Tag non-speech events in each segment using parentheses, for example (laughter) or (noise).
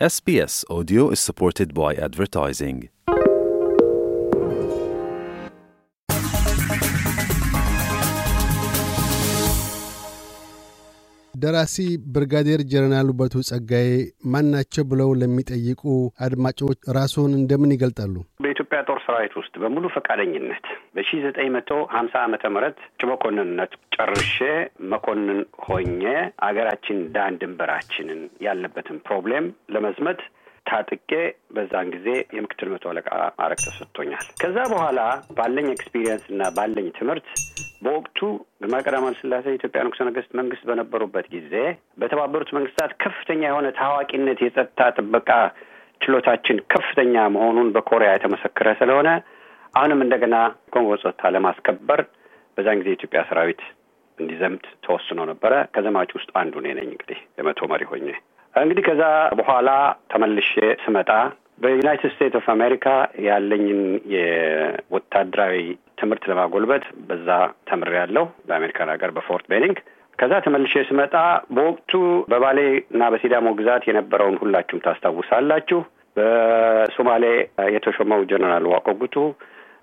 SBS Audio is supported by advertising. ደራሲ ብርጋዴር ጀነራል ውበቱ ጸጋዬ ማን ናቸው ብለው ለሚጠይቁ አድማጮች ራስዎን እንደምን ይገልጣሉ? በኢትዮጵያ ጦር ሰራዊት ውስጥ በሙሉ ፈቃደኝነት በሺ ዘጠኝ መቶ ሀምሳ ዓመተ ምህረት ጭ መኮንንነት ጨርሼ መኮንን ሆኜ አገራችን ዳን ድንበራችንን ያለበትን ፕሮብሌም ለመዝመት ታጥቄ በዛን ጊዜ የምክትል መቶ አለቃ ማዕረግ ተሰጥቶኛል። ከዛ በኋላ ባለኝ ኤክስፒሪየንስ እና ባለኝ ትምህርት በወቅቱ ግርማዊ ቀዳማዊ ኃይለ ሥላሴ የኢትዮጵያ ንጉሠ ነገሥት መንግስት በነበሩበት ጊዜ በተባበሩት መንግስታት ከፍተኛ የሆነ ታዋቂነት የጸጥታ ጥበቃ ችሎታችን ከፍተኛ መሆኑን በኮሪያ የተመሰከረ ስለሆነ አሁንም እንደገና ኮንጎ ጸጥታ ለማስከበር በዛን ጊዜ የኢትዮጵያ ሰራዊት እንዲዘምት ተወስኖ ነበረ። ከዘማች ውስጥ አንዱ እኔ ነኝ። እንግዲህ የመቶ መሪ ሆኜ እንግዲህ ከዛ በኋላ ተመልሼ ስመጣ በዩናይትድ ስቴትስ ኦፍ አሜሪካ ያለኝን የወታደራዊ ትምህርት ለማጎልበት በዛ ተምሬያለሁ፣ በአሜሪካን ሀገር በፎርት ቤኒንግ። ከዛ ተመልሼ ስመጣ በወቅቱ በባሌ እና በሲዳሞ ግዛት የነበረውን ሁላችሁም ታስታውሳላችሁ። በሶማሌ የተሾመው ጀነራል ዋቆ ጉቱ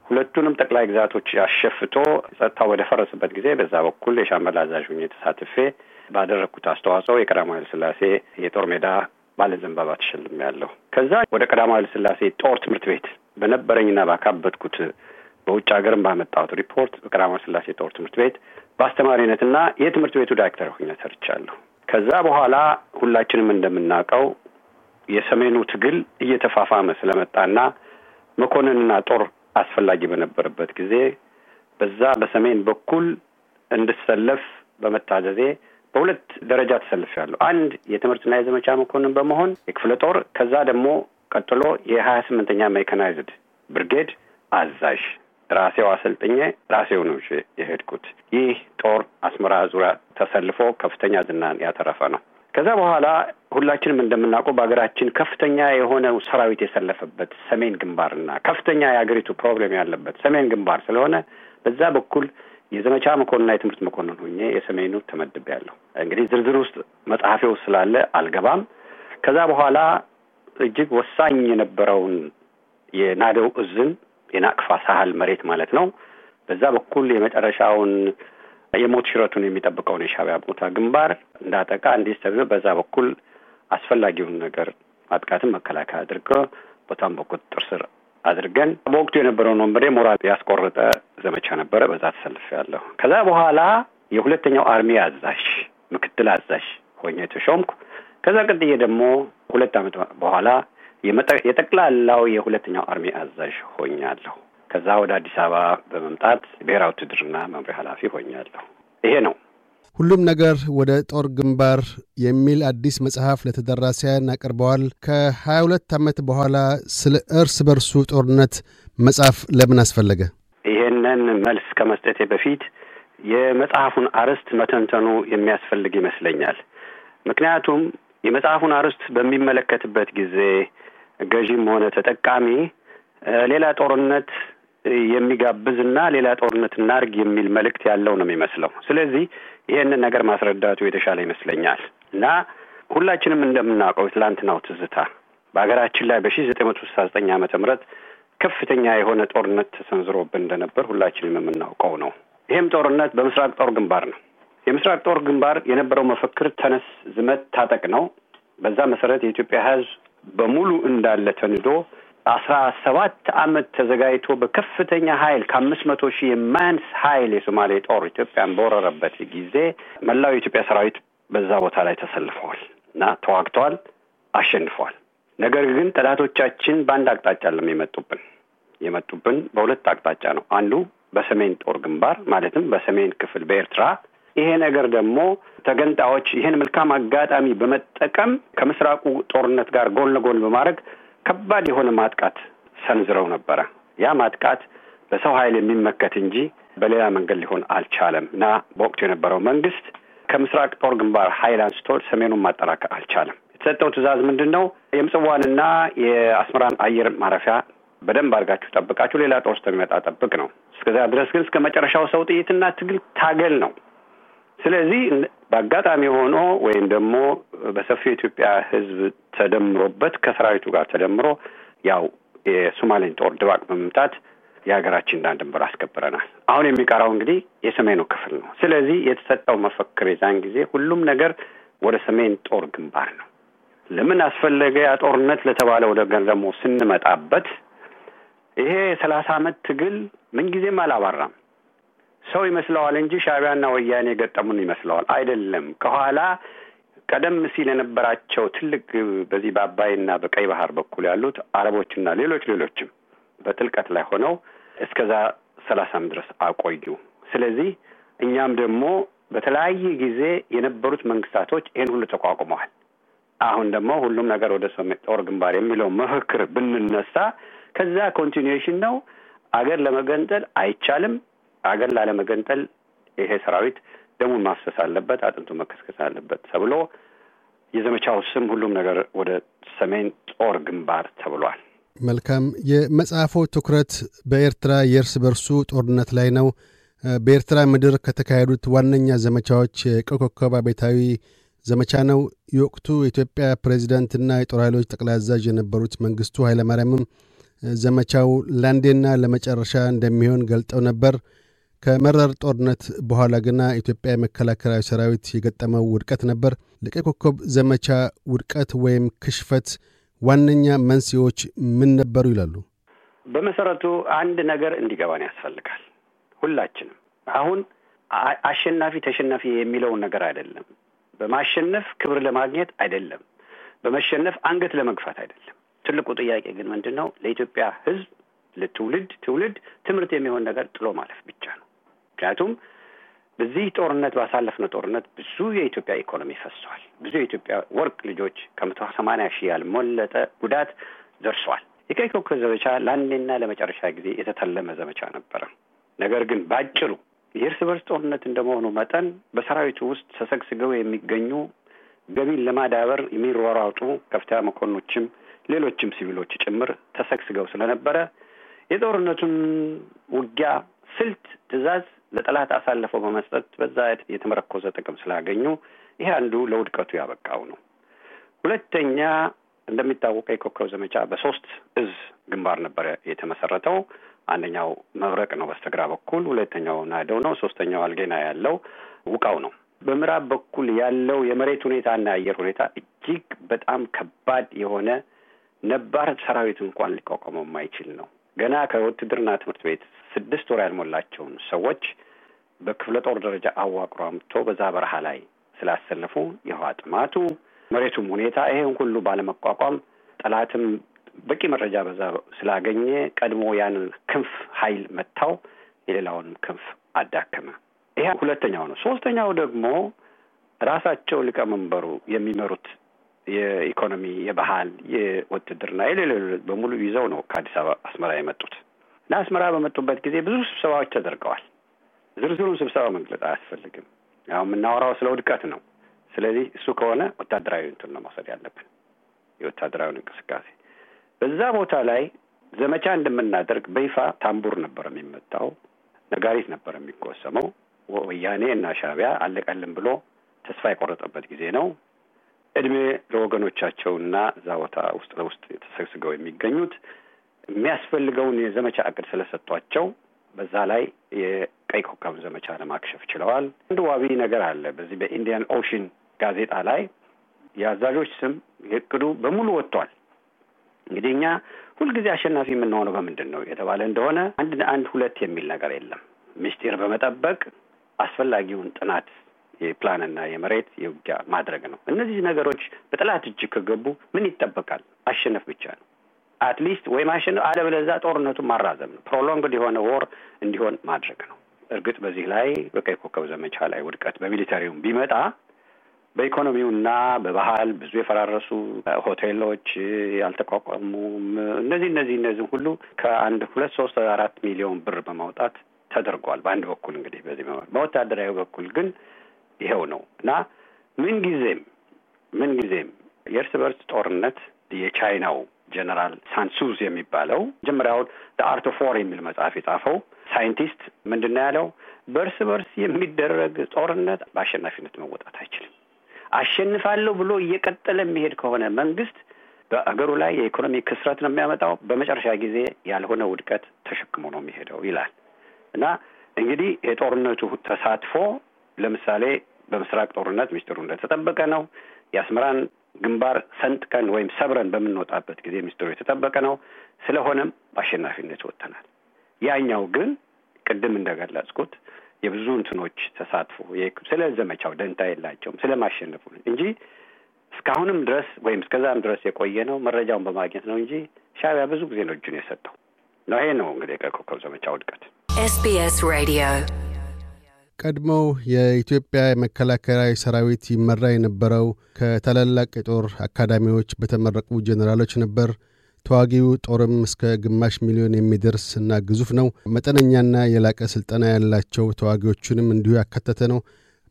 ሁለቱንም ጠቅላይ ግዛቶች አሸፍቶ ጸጥታው ወደ ፈረስበት ጊዜ በዛ በኩል የሻምበል አዛዥ ሆኜ ተሳትፌ ባደረግኩት አስተዋጽኦ የቀዳማዊ ኃይለ ሥላሴ የጦር ሜዳ ባለዘንባባ ዘንባባ ተሸልም ያለሁ። ከዛ ወደ ቀዳማዊ ኃይለ ሥላሴ ጦር ትምህርት ቤት በነበረኝና ባካበትኩት በውጭ ሀገርም ባመጣሁት ሪፖርት በቀዳማዊ ኃይለ ሥላሴ ጦር ትምህርት ቤት በአስተማሪነትና የትምህርት ቤቱ ዳይሬክተር ሆኜ ሰርቻለሁ። ከዛ በኋላ ሁላችንም እንደምናውቀው የሰሜኑ ትግል እየተፋፋመ ስለመጣና መኮንንና ጦር አስፈላጊ በነበረበት ጊዜ በዛ በሰሜን በኩል እንድሰለፍ በመታዘዜ በሁለት ደረጃ ተሰልፌያለሁ። አንድ የትምህርትና የዘመቻ መኮንን በመሆን የክፍለ ጦር፣ ከዛ ደግሞ ቀጥሎ የሀያ ስምንተኛ ሜካናይዝድ ብርጌድ አዛዥ ራሴው አሰልጥኜ ራሴው ነው የሄድኩት። ይህ ጦር አስመራ ዙሪያ ተሰልፎ ከፍተኛ ዝናን ያተረፈ ነው። ከዛ በኋላ ሁላችንም እንደምናውቀው በሀገራችን ከፍተኛ የሆነው ሰራዊት የሰለፈበት ሰሜን ግንባርና ከፍተኛ የሀገሪቱ ፕሮብሌም ያለበት ሰሜን ግንባር ስለሆነ በዛ በኩል የዘመቻ መኮንና የትምህርት መኮንን ሆኜ የሰሜኑ ተመድቤያለሁ። እንግዲህ ዝርዝር ውስጥ መጽሐፌ ውስጥ ስላለ አልገባም። ከዛ በኋላ እጅግ ወሳኝ የነበረውን የናደው እዝን የናቅፋ ሳህል መሬት ማለት ነው። በዛ በኩል የመጨረሻውን የሞት ሽረቱን የሚጠብቀውን የሻቢያ ቦታ ግንባር እንዳጠቃ እንዲህ በዛ በኩል አስፈላጊውን ነገር ማጥቃትን መከላከያ አድርገ ቦታን በቁጥጥር ስር አድርገን በወቅቱ የነበረውን ወንበዴ ሞራል ያስቆረጠ ዘመቻ ነበረ። በዛ ተሰልፍ ያለሁ። ከዛ በኋላ የሁለተኛው አርሚ አዛዥ ምክትል አዛዥ ሆኜ ተሾምኩ። ከዛ ቅጥዬ ደግሞ ሁለት ዓመት በኋላ የጠቅላላው የሁለተኛው አርሚ አዛዥ ሆኛለሁ። ከዛ ወደ አዲስ አበባ በመምጣት ብሔራዊ ውትድርና መምሪያ ኃላፊ ሆኛለሁ። ይሄ ነው ሁሉም ነገር ወደ ጦር ግንባር የሚል አዲስ መጽሐፍ ለተደራሲያን አቅርበዋል። ከ22 ዓመት በኋላ ስለ እርስ በርሱ ጦርነት መጽሐፍ ለምን አስፈለገ? ይህንን መልስ ከመስጠቴ በፊት የመጽሐፉን አርዕስት መተንተኑ የሚያስፈልግ ይመስለኛል። ምክንያቱም የመጽሐፉን አርዕስት በሚመለከትበት ጊዜ ገዢም ሆነ ተጠቃሚ ሌላ ጦርነት የሚጋብዝና ሌላ ጦርነት እናርግ የሚል መልእክት ያለው ነው የሚመስለው። ስለዚህ ይህንን ነገር ማስረዳቱ የተሻለ ይመስለኛል እና ሁላችንም እንደምናውቀው የትላንትናው ትዝታ በሀገራችን ላይ በሺ ዘጠኝ መቶ ስልሳ ዘጠኝ ዓመተ ምህረት ከፍተኛ የሆነ ጦርነት ተሰንዝሮብን እንደነበር ሁላችንም የምናውቀው ነው። ይህም ጦርነት በምስራቅ ጦር ግንባር ነው። የምስራቅ ጦር ግንባር የነበረው መፈክር ተነስ፣ ዝመት፣ ታጠቅ ነው። በዛ መሰረት የኢትዮጵያ ሕዝብ በሙሉ እንዳለ ተንዶ አስራ ሰባት አመት ተዘጋጅቶ በከፍተኛ ኃይል ከአምስት መቶ ሺህ የማያንስ ኃይል የሶማሌ ጦር ኢትዮጵያን በወረረበት ጊዜ መላው የኢትዮጵያ ሰራዊት በዛ ቦታ ላይ ተሰልፈዋል እና ተዋግተዋል፣ አሸንፈዋል። ነገር ግን ጠላቶቻችን በአንድ አቅጣጫ ለም የመጡብን የመጡብን በሁለት አቅጣጫ ነው። አንዱ በሰሜን ጦር ግንባር ማለትም በሰሜን ክፍል በኤርትራ ይሄ ነገር ደግሞ ተገንጣዎች ይህን መልካም አጋጣሚ በመጠቀም ከምስራቁ ጦርነት ጋር ጎን ለጎን በማድረግ ከባድ የሆነ ማጥቃት ሰንዝረው ነበረ። ያ ማጥቃት በሰው ኃይል የሚመከት እንጂ በሌላ መንገድ ሊሆን አልቻለም እና በወቅቱ የነበረው መንግስት ከምስራቅ ጦር ግንባር ኃይል አንስቶ ሰሜኑን ማጠናከር አልቻለም። የተሰጠው ትዕዛዝ ምንድን ነው? የምጽዋንና የአስመራን አየር ማረፊያ በደንብ አድርጋችሁ ጠብቃችሁ ሌላ ጦር እስከሚመጣ ጠብቅ ነው። እስከዚያ ድረስ ግን እስከ መጨረሻው ሰው ጥይትና ትግል ታገል ነው። ስለዚህ በአጋጣሚ ሆኖ ወይም ደግሞ በሰፊው የኢትዮጵያ ሕዝብ ተደምሮበት ከሰራዊቱ ጋር ተደምሮ ያው የሶማሌን ጦር ድባቅ በመምታት የሀገራችን ዳር ድንበር አስከብረናል። አሁን የሚቀራው እንግዲህ የሰሜኑ ክፍል ነው። ስለዚህ የተሰጠው መፈክር የዛን ጊዜ ሁሉም ነገር ወደ ሰሜን ጦር ግንባር ነው። ለምን አስፈለገ ያ ጦርነት ለተባለ ወደገን ደግሞ ስንመጣበት ይሄ የሰላሳ ዓመት ትግል ምንጊዜም አላባራም። ሰው ይመስለዋል እንጂ ሻቢያና ወያኔ የገጠሙን ይመስለዋል። አይደለም። ከኋላ ቀደም ሲል የነበራቸው ትልቅ በዚህ በአባይና በቀይ ባህር በኩል ያሉት አረቦችና ሌሎች ሌሎችም በጥልቀት ላይ ሆነው እስከዛ ሰላሳም ድረስ አቆዩ። ስለዚህ እኛም ደግሞ በተለያየ ጊዜ የነበሩት መንግስታቶች ይህን ሁሉ ተቋቁመዋል። አሁን ደግሞ ሁሉም ነገር ወደ ሰሜን ጦር ግንባር የሚለው መፈክር ብንነሳ ከዛ ኮንቲኒዌሽን ነው። አገር ለመገንጠል አይቻልም። አገር ላለመገንጠል ይሄ ሰራዊት ደሙን ማፍሰስ አለበት፣ አጥንቱ መከስከስ አለበት ተብሎ የዘመቻው ስም ሁሉም ነገር ወደ ሰሜን ጦር ግንባር ተብሏል። መልካም። የመጽሐፎ ትኩረት በኤርትራ የእርስ በርሱ ጦርነት ላይ ነው። በኤርትራ ምድር ከተካሄዱት ዋነኛ ዘመቻዎች የቀይ ኮከብ አብዮታዊ ዘመቻ ነው። የወቅቱ የኢትዮጵያ ፕሬዚዳንትና የጦር ኃይሎች ጠቅላይ አዛዥ የነበሩት መንግስቱ ኃይለማርያምም ዘመቻው ላንዴና ለመጨረሻ እንደሚሆን ገልጠው ነበር። ከመራር ጦርነት በኋላ ግና ኢትዮጵያ የመከላከያ ሰራዊት የገጠመው ውድቀት ነበር። ለቀይ ኮከብ ዘመቻ ውድቀት ወይም ክሽፈት ዋነኛ መንስኤዎች ምን ነበሩ ይላሉ? በመሰረቱ አንድ ነገር እንዲገባን ያስፈልጋል። ሁላችንም አሁን አሸናፊ ተሸናፊ የሚለውን ነገር አይደለም። በማሸነፍ ክብር ለማግኘት አይደለም። በመሸነፍ አንገት ለመግፋት አይደለም። ትልቁ ጥያቄ ግን ምንድን ነው? ለኢትዮጵያ ሕዝብ ለትውልድ ትውልድ ትምህርት የሚሆን ነገር ጥሎ ማለፍ ብቻ ነው። ምክንያቱም በዚህ ጦርነት ባሳለፍነው ጦርነት ብዙ የኢትዮጵያ ኢኮኖሚ ፈሷል። ብዙ የኢትዮጵያ ወርቅ ልጆች ከመቶ ሰማንያ ሺህ ያልሞለጠ ጉዳት ደርሷል። የቀይ ኮከብ ዘመቻ ለአንዴና ለመጨረሻ ጊዜ የተተለመ ዘመቻ ነበረ። ነገር ግን ባጭሩ የእርስ በርስ ጦርነት እንደመሆኑ መጠን በሰራዊቱ ውስጥ ተሰግስገው የሚገኙ ገቢን ለማዳበር የሚሯሯጡ ከፍተኛ መኮንኖችም ሌሎችም ሲቪሎች ጭምር ተሰግስገው ስለነበረ የጦርነቱን ውጊያ ስልት፣ ትዕዛዝ ለጠላት አሳልፈው በመስጠት በዛ የተመረኮዘ ጥቅም ስላገኙ ይሄ አንዱ ለውድቀቱ ያበቃው ነው። ሁለተኛ እንደሚታወቀው የኮከብ ዘመቻ በሶስት እዝ ግንባር ነበረ የተመሰረተው። አንደኛው መብረቅ ነው በስተግራ በኩል፣ ሁለተኛው ናደው ነው፣ ሶስተኛው አልጌና ያለው ውቃው ነው። በምዕራብ በኩል ያለው የመሬት ሁኔታና የአየር ሁኔታ እጅግ በጣም ከባድ የሆነ ነባር ሰራዊት እንኳን ሊቋቋመው የማይችል ነው። ገና ከውትድርና ትምህርት ቤት ስድስት ወር ያልሞላቸውን ሰዎች በክፍለ ጦር ደረጃ አዋቅሮ አምጥቶ በዛ በረሃ ላይ ስላሰለፉ የውሃ ጥማቱ፣ መሬቱም ሁኔታ ይሄን ሁሉ ባለመቋቋም ጠላትም በቂ መረጃ በዛ ስላገኘ ቀድሞ ያንን ክንፍ ኃይል መታው፣ የሌላውንም ክንፍ አዳከመ። ይሄ ሁለተኛው ነው። ሶስተኛው ደግሞ ራሳቸው ሊቀመንበሩ የሚመሩት የኢኮኖሚ፣ የባህል፣ የውትድርና የሌሎች በሙሉ ይዘው ነው ከአዲስ አበባ አስመራ የመጡት እና አስመራ በመጡበት ጊዜ ብዙ ስብሰባዎች ተደርገዋል። ዝርዝሩን ስብሰባ መግለጽ አያስፈልግም። ያው የምናወራው ስለ ውድቀት ነው። ስለዚህ እሱ ከሆነ ወታደራዊ እንትን ነው መውሰድ ያለብን የወታደራዊን እንቅስቃሴ በዛ ቦታ ላይ ዘመቻ እንደምናደርግ በይፋ ታምቡር ነበር የሚመጣው፣ ነጋሪት ነበር የሚቆሰመው። ወያኔ እና ሻቢያ አለቀልም ብሎ ተስፋ የቆረጠበት ጊዜ ነው። እድሜ ለወገኖቻቸውና እዛ ቦታ ውስጥ ለውስጥ ተሰግስገው የሚገኙት የሚያስፈልገውን የዘመቻ እቅድ ስለሰጧቸው በዛ ላይ የቀይ ኮከብ ዘመቻ ለማክሸፍ ችለዋል። አንድ ዋቢ ነገር አለ። በዚህ በኢንዲያን ኦሽን ጋዜጣ ላይ የአዛዦች ስም የእቅዱ በሙሉ ወጥቷል። እንግዲህ እኛ ሁልጊዜ አሸናፊ የምንሆነው በምንድን ነው የተባለ እንደሆነ አንድ አንድ ሁለት የሚል ነገር የለም። ምስጢር በመጠበቅ አስፈላጊውን ጥናት የፕላንና የመሬት የውጊያ ማድረግ ነው። እነዚህ ነገሮች በጠላት እጅ ከገቡ ምን ይጠበቃል? ማሸነፍ ብቻ ነው። አትሊስት ወይ ማሸነፍ፣ አለበለዚያ ጦርነቱን ማራዘም ነው። ፕሮሎንግድ የሆነ ወር እንዲሆን ማድረግ ነው። እርግጥ በዚህ ላይ በቀይ ኮከብ ዘመቻ ላይ ውድቀት በሚሊተሪውም ቢመጣ በኢኮኖሚውና በባህል ብዙ የፈራረሱ ሆቴሎች ያልተቋቋሙ እነዚህ እነዚህ እነዚህ ሁሉ ከአንድ ሁለት ሶስት አራት ሚሊዮን ብር በማውጣት ተደርጓል። በአንድ በኩል እንግዲህ በዚህ በወታደራዊ በኩል ግን ይኸው ነው እና ምን ጊዜም የእርስ በርስ ጦርነት የቻይናው ጀነራል ሳንሱዝ የሚባለው መጀመሪያውን አርት ኦፍ ዋር የሚል መጽሐፍ የጻፈው ሳይንቲስት ምንድን ነው ያለው? በእርስ በርስ የሚደረግ ጦርነት በአሸናፊነት መወጣት አይችልም። አሸንፋለሁ ብሎ እየቀጠለ የሚሄድ ከሆነ መንግስት በአገሩ ላይ የኢኮኖሚ ክስረት ነው የሚያመጣው። በመጨረሻ ጊዜ ያልሆነ ውድቀት ተሸክሞ ነው የሚሄደው ይላል እና እንግዲህ የጦርነቱ ተሳትፎ ለምሳሌ በምስራቅ ጦርነት ሚስጢሩ እንደተጠበቀ ነው። የአስመራን ግንባር ሰንጥቀን ወይም ሰብረን በምንወጣበት ጊዜ ሚስጢሩ የተጠበቀ ነው። ስለሆነም በአሸናፊነት ወጥተናል። ያኛው ግን ቅድም እንደገለጽኩት የብዙ እንትኖች ተሳትፎ ስለ ዘመቻው ደንታ የላቸውም ስለማሸነፉ እንጂ እስካሁንም ድረስ ወይም እስከዛም ድረስ የቆየ ነው መረጃውን በማግኘት ነው እንጂ ሻቢያ ብዙ ጊዜ ነው እጁን የሰጠው ነው። ይሄ ነው እንግዲህ ከኮከብ ዘመቻ ውድቀት። ኤስቢኤስ ሬዲዮ ቀድሞው የኢትዮጵያ መከላከያ ሰራዊት ይመራ የነበረው ከታላላቅ የጦር አካዳሚዎች በተመረቁ ጀኔራሎች ነበር። ተዋጊው ጦርም እስከ ግማሽ ሚሊዮን የሚደርስ እና ግዙፍ ነው። መጠነኛና የላቀ ስልጠና ያላቸው ተዋጊዎቹንም እንዲሁ ያካተተ ነው።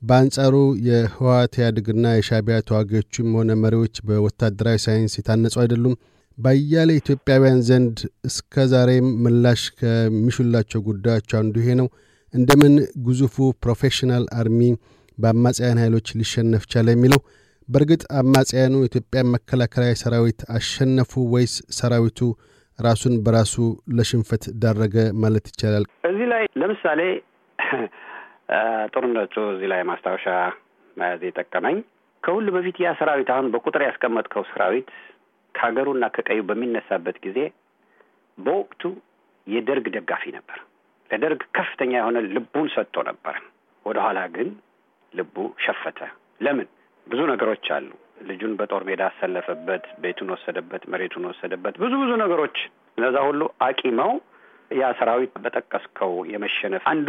በአንጻሩ የህወሓት ኢህአዴግና የሻቢያ ተዋጊዎቹም ሆነ መሪዎች በወታደራዊ ሳይንስ የታነጹ አይደሉም። በያለ ኢትዮጵያውያን ዘንድ እስከ ዛሬም ምላሽ ከሚሹላቸው ጉዳዮች አንዱ ይሄ ነው። እንደምን ግዙፉ ፕሮፌሽናል አርሚ በአማጽያን ኃይሎች ሊሸነፍ ቻለ የሚለው በእርግጥ አማጽያኑ ኢትዮጵያ መከላከያ ሰራዊት አሸነፉ ወይስ ሰራዊቱ ራሱን በራሱ ለሽንፈት ዳረገ ማለት ይቻላል? እዚህ ላይ ለምሳሌ (clears throat) ጦርነቱ እዚህ ላይ ማስታወሻ መያዝ የጠቀመኝ ከሁሉ በፊት ያ ሰራዊት አሁን በቁጥር ያስቀመጥከው ሰራዊት ከሀገሩና ከቀዩ በሚነሳበት ጊዜ በወቅቱ የደርግ ደጋፊ ነበር። ለደርግ ከፍተኛ የሆነ ልቡን ሰጥቶ ነበር። ወደኋላ ግን ልቡ ሸፈተ። ለምን? ብዙ ነገሮች አሉ። ልጁን በጦር ሜዳ አሰለፈበት፣ ቤቱን ወሰደበት፣ መሬቱን ወሰደበት፣ ብዙ ብዙ ነገሮች። እነዛ ሁሉ አቂመው ያ ሰራዊት በጠቀስከው የመሸነፍ አንዱ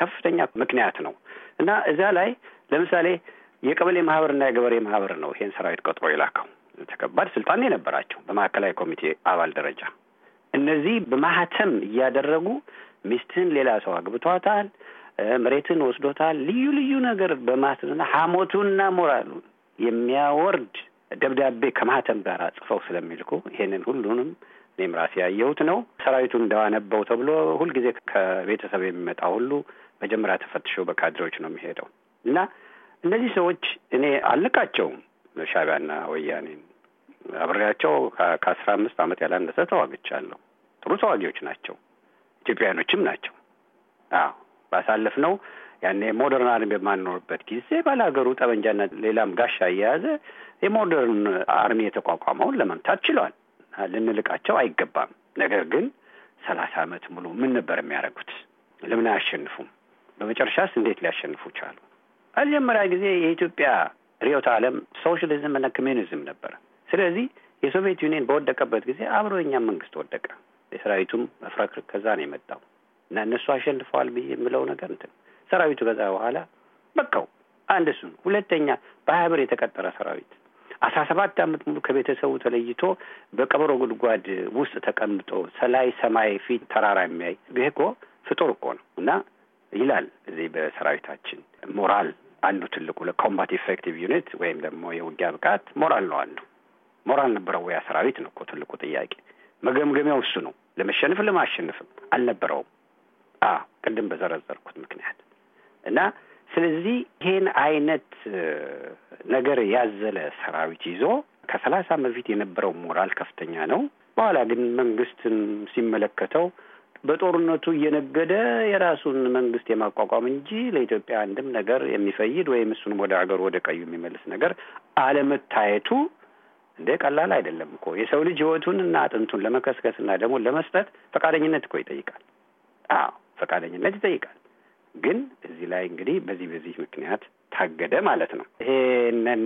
ከፍተኛ ምክንያት ነው እና እዚያ ላይ ለምሳሌ የቀበሌ ማህበርና የገበሬ ማህበር ነው ይሄን ሰራዊት ቀጥሮ የላከው። ተከባድ ስልጣን የነበራቸው በማዕከላዊ ኮሚቴ አባል ደረጃ እነዚህ በማህተም እያደረጉ ሚስትህን ሌላ ሰው አግብቷታል፣ መሬትን ወስዶታል፣ ልዩ ልዩ ነገር በማስና ሀሞቱና ሞራሉን የሚያወርድ ደብዳቤ ከማህተም ጋር ጽፈው ስለሚልኩ ይሄንን ሁሉንም እኔም ራሴ ያየሁት ነው። ሰራዊቱ እንዳነበው ተብሎ ሁልጊዜ ከቤተሰብ የሚመጣ ሁሉ መጀመሪያ ተፈትሾ በካድሬዎች ነው የሚሄደው እና እነዚህ ሰዎች እኔ አልንቃቸውም። ሻቢያና ወያኔን አብሬያቸው ከአስራ አምስት ዓመት ያላነሰ ተዋግቻለሁ። ጥሩ ተዋጊዎች ናቸው። ኢትዮጵያውያኖችም ናቸው። አዎ ባሳለፍ ነው ያኔ ሞደርን አርሚ በማንኖርበት ጊዜ ባለሀገሩ ጠመንጃና ሌላም ጋሻ እየያዘ የሞደርን አርሚ የተቋቋመውን ለመምታት ችሏል ልንልቃቸው አይገባም። ነገር ግን ሰላሳ ዓመት ሙሉ ምን ነበር የሚያደርጉት? ለምን አያሸንፉም? በመጨረሻስ እንዴት ሊያሸንፉ ቻሉ? መጀመሪያ ጊዜ የኢትዮጵያ ርዕዮተ ዓለም ሶሻሊዝም እና ኮሚኒዝም ነበረ። ስለዚህ የሶቪየት ዩኒየን በወደቀበት ጊዜ አብሮ የኛም መንግስት ወደቀ። የሰራዊቱም መፍረክርክ ከዛ ነው የመጣው እና እነሱ አሸንፈዋል ብዬ የምለው ነገር እንትን ሰራዊቱ ከዛ በኋላ በቃው አንድ እሱ ነው። ሁለተኛ በሀያ ብር የተቀጠረ ሰራዊት አስራ ሰባት ዓመት ሙሉ ከቤተሰቡ ተለይቶ በቀበሮ ጉድጓድ ውስጥ ተቀምጦ ሰላይ ሰማይ ፊት ተራራ የሚያይ ይህ እኮ ፍጡር እኮ ነው እና ይላል እዚህ በሰራዊታችን ሞራል አንዱ ትልቁ ለኮምባት ኢፌክቲቭ ዩኒት ወይም ደግሞ የውጊያ ብቃት ሞራል ነው። አንዱ ሞራል ነበረው ወያ ሰራዊት ነው እኮ ትልቁ ጥያቄ። መገምገሚያው እሱ ነው። ለመሸነፍ ለማሸነፍም አልነበረውም። አ ቅድም በዘረዘርኩት ምክንያት እና ስለዚህ ይሄን አይነት ነገር ያዘለ ሰራዊት ይዞ ከሰላሳ ዓመት በፊት የነበረው ሞራል ከፍተኛ ነው። በኋላ ግን መንግስትን ሲመለከተው በጦርነቱ እየነገደ የራሱን መንግስት የማቋቋም እንጂ ለኢትዮጵያ አንድም ነገር የሚፈይድ ወይም እሱንም ወደ ሀገሩ ወደ ቀዩ የሚመልስ ነገር አለመታየቱ እንደ ቀላል አይደለም እኮ የሰው ልጅ ህይወቱን እና አጥንቱን ለመከስከስ እና ደግሞ ለመስጠት ፈቃደኝነት እኮ ይጠይቃል። አዎ ፈቃደኝነት ይጠይቃል። ግን እዚህ ላይ እንግዲህ በዚህ በዚህ ምክንያት ታገደ ማለት ነው። ይሄንን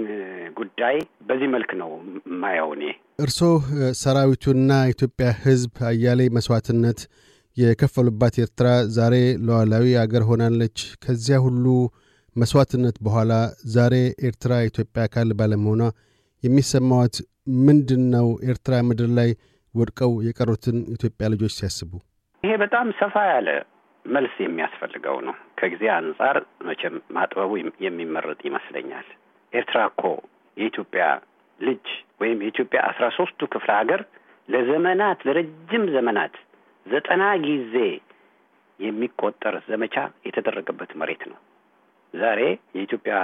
ጉዳይ በዚህ መልክ ነው ማየው እኔ። እርስዎ ሰራዊቱና ኢትዮጵያ ህዝብ አያሌ መስዋዕትነት የከፈሉባት ኤርትራ ዛሬ ሉዓላዊ አገር ሆናለች። ከዚያ ሁሉ መስዋዕትነት በኋላ ዛሬ ኤርትራ ኢትዮጵያ አካል ባለመሆኗ የሚሰማዎት ምንድን ነው? ኤርትራ ምድር ላይ ወድቀው የቀሩትን ኢትዮጵያ ልጆች ሲያስቡ ይሄ በጣም ሰፋ ያለ መልስ የሚያስፈልገው ነው። ከጊዜ አንጻር መቼም ማጥበቡ የሚመረጥ ይመስለኛል። ኤርትራ እኮ የኢትዮጵያ ልጅ ወይም የኢትዮጵያ አስራ ሶስቱ ክፍለ ሀገር ለዘመናት ለረጅም ዘመናት ዘጠና ጊዜ የሚቆጠር ዘመቻ የተደረገበት መሬት ነው። ዛሬ የኢትዮጵያ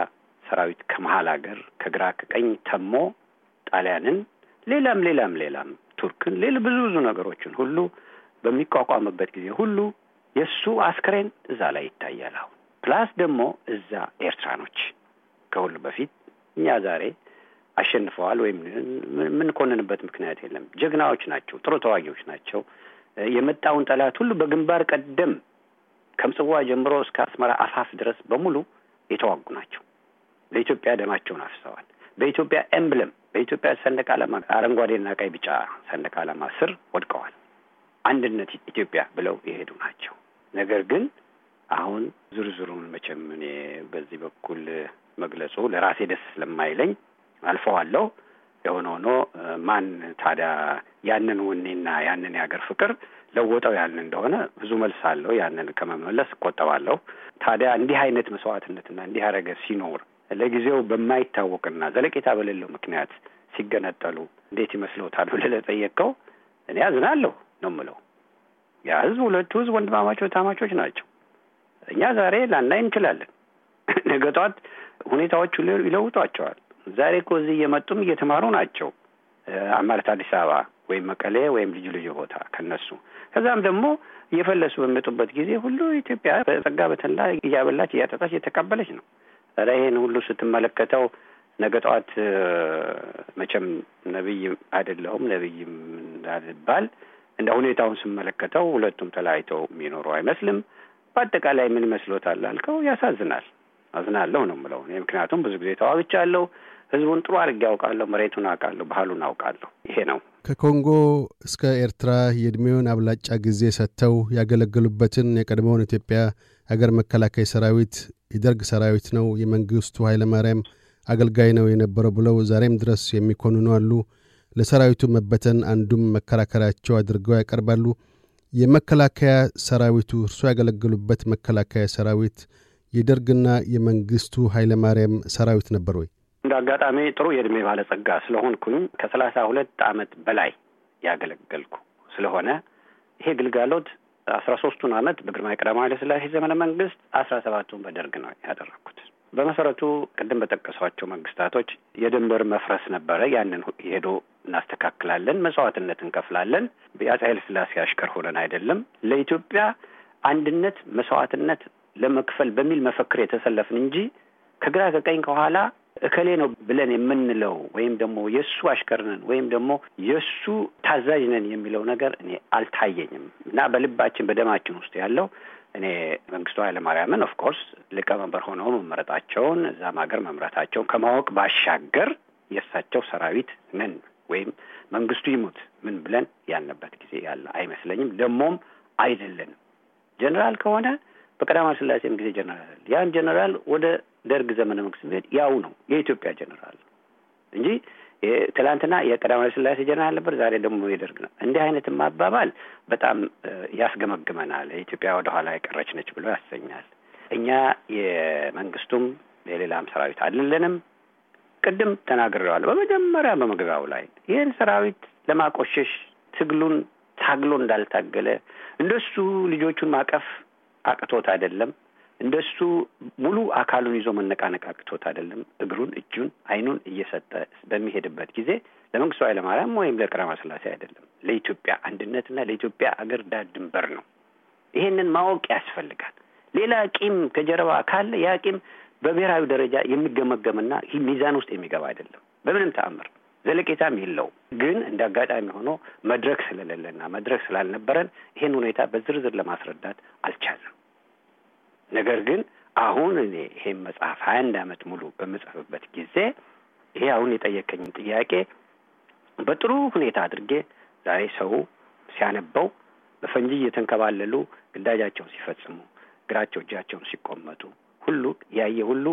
ሰራዊት ከመሀል ሀገር ከግራ ከቀኝ ተሞ ጣሊያንን፣ ሌላም ሌላም ሌላም ቱርክን፣ ሌል ብዙ ብዙ ነገሮችን ሁሉ በሚቋቋምበት ጊዜ ሁሉ የእሱ አስክሬን እዛ ላይ ይታያል። አሁን ፕላስ ደግሞ እዛ ኤርትራኖች ከሁሉ በፊት እኛ ዛሬ አሸንፈዋል ወይም የምንኮንንበት ምክንያት የለም። ጀግናዎች ናቸው፣ ጥሩ ተዋጊዎች ናቸው። የመጣውን ጠላት ሁሉ በግንባር ቀደም ከምጽዋ ጀምሮ እስከ አስመራ አፋፍ ድረስ በሙሉ የተዋጉ ናቸው። ለኢትዮጵያ ደማቸውን አፍሰዋል። በኢትዮጵያ ኤምብለም በኢትዮጵያ ሰንደቅ ዓላማ አረንጓዴና ቀይ ቢጫ ሰንደቅ ዓላማ ስር ወድቀዋል። አንድነት ኢትዮጵያ ብለው የሄዱ ናቸው። ነገር ግን አሁን ዝርዝሩን መቼም እኔ በዚህ በኩል መግለጹ ለራሴ ደስ ስለማይለኝ አልፈዋለሁ። የሆነ ሆኖ ማን ታዲያ ያንን ውኔና ያንን የሀገር ፍቅር ለወጠው ያልን እንደሆነ ብዙ መልስ አለው። ያንን ከመመለስ እቆጠባለሁ። ታዲያ እንዲህ አይነት መስዋዕትነትና እንዲህ አረገ ሲኖር ለጊዜው በማይታወቅና ዘለቄታ በሌለው ምክንያት ሲገነጠሉ እንዴት ይመስለዎታል ብለህ ለጠየቀው እኔ አዝናለሁ ነው የምለው። ያ ህዝብ ሁለቱ ህዝብ ወንድማማቾች ታማቾች ናቸው። እኛ ዛሬ ላናይ እንችላለን። (clears throat) ነገ ጠዋት ሁኔታዎቹ ይለውጧቸዋል። ዛሬ እኮ እዚህ እየመጡም እየተማሩ ናቸው ማለት አዲስ አበባ ወይም መቀሌ ወይም ልዩ ልዩ ቦታ ከነሱ ከዛም ደግሞ እየፈለሱ በሚመጡበት ጊዜ ሁሉ ኢትዮጵያ በጸጋ በተንላ እያበላች እያጠጣች እየተቀበለች ነው። ኧረ ይሄን ሁሉ ስትመለከተው ነገ ጠዋት መቼም ነቢይ አይደለሁም ነቢይም እንዳልባል እንደ ሁኔታውን ስመለከተው ሁለቱም ተለያይተው የሚኖሩ አይመስልም። በአጠቃላይ ምን መስሎታል አልከው፣ ያሳዝናል። አዝናለሁ ነው የምለው እኔ። ምክንያቱም ብዙ ጊዜ ተዋግቻለሁ። ህዝቡን ጥሩ አድርጌ ያውቃለሁ። መሬቱን አውቃለሁ። ባህሉን አውቃለሁ። ይሄ ነው። ከኮንጎ እስከ ኤርትራ የእድሜውን አብላጫ ጊዜ ሰጥተው ያገለገሉበትን የቀድሞውን ኢትዮጵያ አገር መከላከያ ሰራዊት የደርግ ሰራዊት ነው፣ የመንግስቱ ኃይለማርያም አገልጋይ ነው የነበረው ብለው ዛሬም ድረስ የሚኮንኑ አሉ። ለሰራዊቱ መበተን አንዱም መከራከሪያቸው አድርገው ያቀርባሉ። የመከላከያ ሰራዊቱ እርሶ ያገለገሉበት መከላከያ ሰራዊት የደርግና የመንግስቱ ኃይለማርያም ሰራዊት ነበር ወይ? እንደ አጋጣሚ ጥሩ የእድሜ ባለጸጋ ስለሆንኩኝ ከሰላሳ ሁለት ዓመት በላይ ያገለገልኩ ስለሆነ ይሄ ግልጋሎት አስራ ሶስቱን አመት በግርማዊ ቀዳማዊ ኃይለ ሥላሴ ዘመነ መንግስት፣ አስራ ሰባቱን በደርግ ነው ያደረግኩት። በመሰረቱ ቅድም በጠቀሷቸው መንግስታቶች የድንበር መፍረስ ነበረ። ያንን ሄዶ እናስተካክላለን፣ መስዋዕትነት እንከፍላለን። የአፄ ኃይለ ሥላሴ አሽከር ሆነን አይደለም ለኢትዮጵያ አንድነት መስዋዕትነት ለመክፈል በሚል መፈክር የተሰለፍን እንጂ ከግራ ከቀኝ ከኋላ እከሌ ነው ብለን የምንለው ወይም ደግሞ የእሱ አሽከር ነን ወይም ደግሞ የእሱ ታዛዥ ነን የሚለው ነገር እኔ አልታየኝም እና በልባችን በደማችን ውስጥ ያለው እኔ መንግስቱ ኃይለማርያምን ኦፍኮርስ ሊቀመንበር ሆነው መመረጣቸውን እዛም ሀገር መምረታቸውን ከማወቅ ባሻገር የእሳቸው ሰራዊት ነን ወይም መንግስቱ ይሙት ምን ብለን ያልንበት ጊዜ ያለ አይመስለኝም። ደግሞም አይደለንም። ጀኔራል ከሆነ በቀዳማዊ ስላሴም ጊዜ ጀነራል ያን ጀነራል ወደ ደርግ ዘመነ መንግስት ሄድ ያው ነው የኢትዮጵያ ጀነራል እንጂ ትላንትና የቀዳማዊ ስላሴ ጀነራል ነበር፣ ዛሬ ደግሞ የደርግ ነው። እንዲህ አይነት አባባል በጣም ያስገመግመናል። ኢትዮጵያ ወደኋላ የቀረች ነች ብሎ ያሰኛል። እኛ የመንግስቱም የሌላም ሰራዊት አልለንም። ቅድም ተናግረዋል። በመጀመሪያ በመግቢያው ላይ ይህን ሰራዊት ለማቆሸሽ ትግሉን ታግሎ እንዳልታገለ እንደሱ ልጆቹን ማቀፍ አቅቶት አይደለም። እንደሱ ሙሉ አካሉን ይዞ መነቃነቅ አቅቶት አይደለም። እግሩን፣ እጁን፣ አይኑን እየሰጠ በሚሄድበት ጊዜ ለመንግስቱ ኃይለማርያም ወይም ለቀዳማዊ ሥላሴ አይደለም፣ ለኢትዮጵያ አንድነትና ለኢትዮጵያ አገር ዳር ድንበር ነው። ይሄንን ማወቅ ያስፈልጋል። ሌላ ቂም ከጀርባ ካለ ያ ቂም በብሔራዊ ደረጃ የሚገመገምና ሚዛን ውስጥ የሚገባ አይደለም በምንም ተአምር። ዘለቄታም የለውም። ግን እንደ አጋጣሚ ሆኖ መድረክ ስለሌለና መድረክ ስላልነበረን ይህን ሁኔታ በዝርዝር ለማስረዳት አልቻለም። ነገር ግን አሁን እኔ ይሄን መጽሐፍ ሀያ አንድ አመት ሙሉ በምጽፍበት ጊዜ ይሄ አሁን የጠየቀኝን ጥያቄ በጥሩ ሁኔታ አድርጌ ዛሬ ሰው ሲያነበው በፈንጂ እየተንከባለሉ ግዳጃቸውን ሲፈጽሙ እግራቸው እጃቸውን ሲቆመጡ ሁሉ ያየ ሁሉ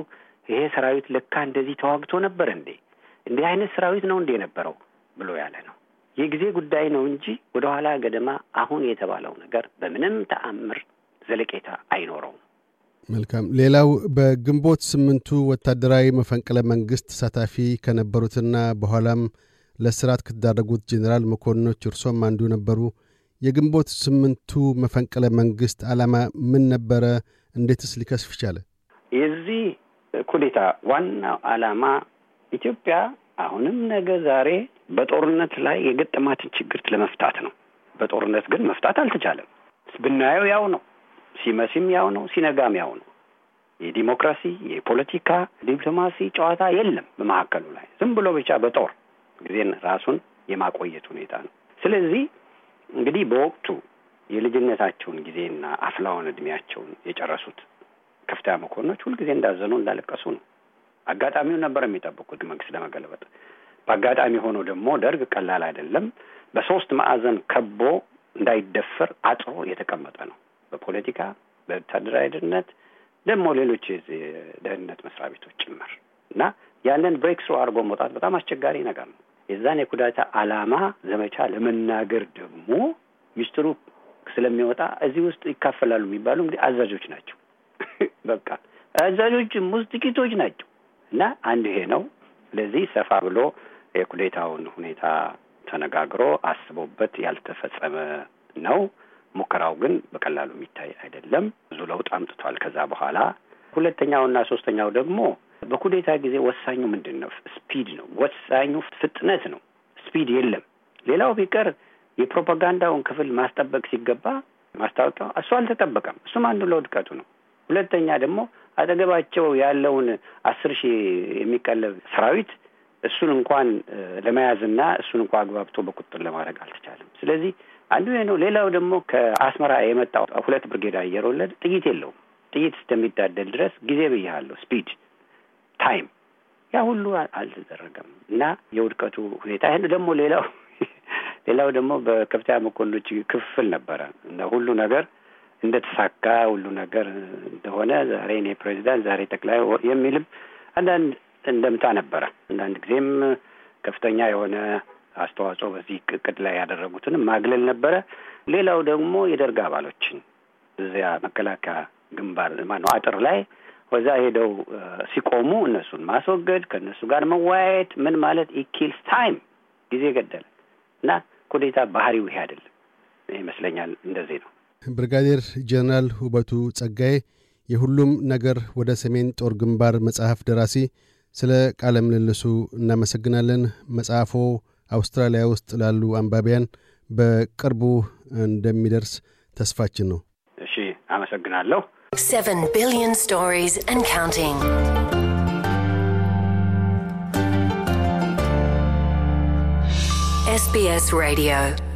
ይሄ ሰራዊት ለካ እንደዚህ ተዋግቶ ነበር እንዴ እንዲህ አይነት ሰራዊት ነው እንዲህ የነበረው ብሎ ያለ ነው። የጊዜ ጉዳይ ነው እንጂ ወደኋላ ገደማ አሁን የተባለው ነገር በምንም ተአምር ዘለቄታ አይኖረውም። መልካም። ሌላው በግንቦት ስምንቱ ወታደራዊ መፈንቅለ መንግስት ተሳታፊ ከነበሩትና በኋላም ለስርዓት ከተዳረጉት ጄኔራል መኮንኖች እርሶም አንዱ ነበሩ። የግንቦት ስምንቱ መፈንቅለ መንግስት ዓላማ ምን ነበረ? እንዴትስ ሊከስፍ ቻለ? የዚህ ኩዴታ ዋናው ዓላማ ኢትዮጵያ አሁንም ነገ ዛሬ በጦርነት ላይ የገጠማትን ችግር ለመፍታት ነው። በጦርነት ግን መፍታት አልተቻለም። ብናየው ያው ነው፣ ሲመስም ያው ነው፣ ሲነጋም ያው ነው። የዲሞክራሲ የፖለቲካ ዲፕሎማሲ ጨዋታ የለም በመካከሉ ላይ ዝም ብሎ ብቻ በጦር ጊዜን ራሱን የማቆየት ሁኔታ ነው። ስለዚህ እንግዲህ በወቅቱ የልጅነታቸውን ጊዜና አፍላውን እድሜያቸውን የጨረሱት ከፍተኛ መኮንኖች ሁልጊዜ እንዳዘኑ እንዳለቀሱ ነው። አጋጣሚውን ነበር የሚጠብቁት መንግስት ለመገለበጥ። በአጋጣሚ ሆኖ ደግሞ ደርግ ቀላል አይደለም። በሶስት ማዕዘን ከቦ እንዳይደፈር አጥሮ የተቀመጠ ነው። በፖለቲካ በወታደራዊ ደህንነት፣ ደግሞ ሌሎች ደህንነት መስሪያ ቤቶች ጭምር እና ያንን ብሬክ ስሩ አድርጎ መውጣት በጣም አስቸጋሪ ነገር ነው። የዛን የኩዳታ አላማ ዘመቻ ለመናገር ደግሞ ሚስጥሩ ስለሚወጣ እዚህ ውስጥ ይካፈላሉ የሚባሉ እንግዲህ አዛዦች ናቸው። (laughs) በቃ አዛዦችም ውስጥ ጥቂቶች ናቸው። እና አንዱ ይሄ ነው። ለዚህ ሰፋ ብሎ የኩሌታውን ሁኔታ ተነጋግሮ አስቦበት ያልተፈጸመ ነው። ሙከራው ግን በቀላሉ የሚታይ አይደለም። ብዙ ለውጥ አምጥቷል። ከዛ በኋላ ሁለተኛውና ሶስተኛው ደግሞ በኩዴታ ጊዜ ወሳኙ ምንድን ነው? ስፒድ ነው። ወሳኙ ፍጥነት ነው። ስፒድ የለም። ሌላው ቢቀር የፕሮፓጋንዳውን ክፍል ማስጠበቅ ሲገባ ማስታወቂያው እሱ አልተጠበቀም። እሱም አንዱ ለውድቀቱ ነው። ሁለተኛ ደግሞ አጠገባቸው ያለውን አስር ሺህ የሚቀለብ ሰራዊት እሱን እንኳን ለመያዝና እሱን እንኳን አግባብቶ በቁጥር ለማድረግ አልተቻለም። ስለዚህ አንዱ ነው። ሌላው ደግሞ ከአስመራ የመጣው ሁለት ብርጌድ አየር ወለድ ጥይት የለውም። ጥይት እስከሚዳደል ድረስ ጊዜ ብያለሁ፣ ስፒድ ታይም፣ ያ ሁሉ አልተደረገም እና የውድቀቱ ሁኔታ ይህን ደግሞ ሌላው (laughs) ሌላው ደግሞ በከፍተኛ መኮንኖች ክፍፍል ነበረ እና ሁሉ ነገር እንደተሳካ ሁሉ ነገር እንደሆነ ዛሬ እኔ ፕሬዚዳንት፣ ዛሬ ጠቅላይ የሚልም አንዳንድ እንደምታ ነበረ። አንዳንድ ጊዜም ከፍተኛ የሆነ አስተዋጽኦ በዚህ እቅድ ላይ ያደረጉትን ማግለል ነበረ። ሌላው ደግሞ የደርግ አባሎችን እዚያ መከላከያ ግንባር ማነው አጥር ላይ ወዛ ሄደው ሲቆሙ እነሱን ማስወገድ፣ ከእነሱ ጋር መወያየት ምን ማለት ኢኪልስ ታይም ጊዜ ገደለ እና ኩዴታ ባህሪው ይሄ አይደለም ይመስለኛል። እንደዚህ ነው። ብርጋዴር ጀነራል ውበቱ ጸጋዬ የሁሉም ነገር ወደ ሰሜን ጦር ግንባር መጽሐፍ ደራሲ፣ ስለ ቃለ ምልልሱ እናመሰግናለን። መጽሐፎ አውስትራሊያ ውስጥ ላሉ አንባቢያን በቅርቡ እንደሚደርስ ተስፋችን ነው። እሺ፣ አመሰግናለሁ። 7 ቢሊዮን ስቶሪስ ኤንድ ካውንቲንግ SBS Radio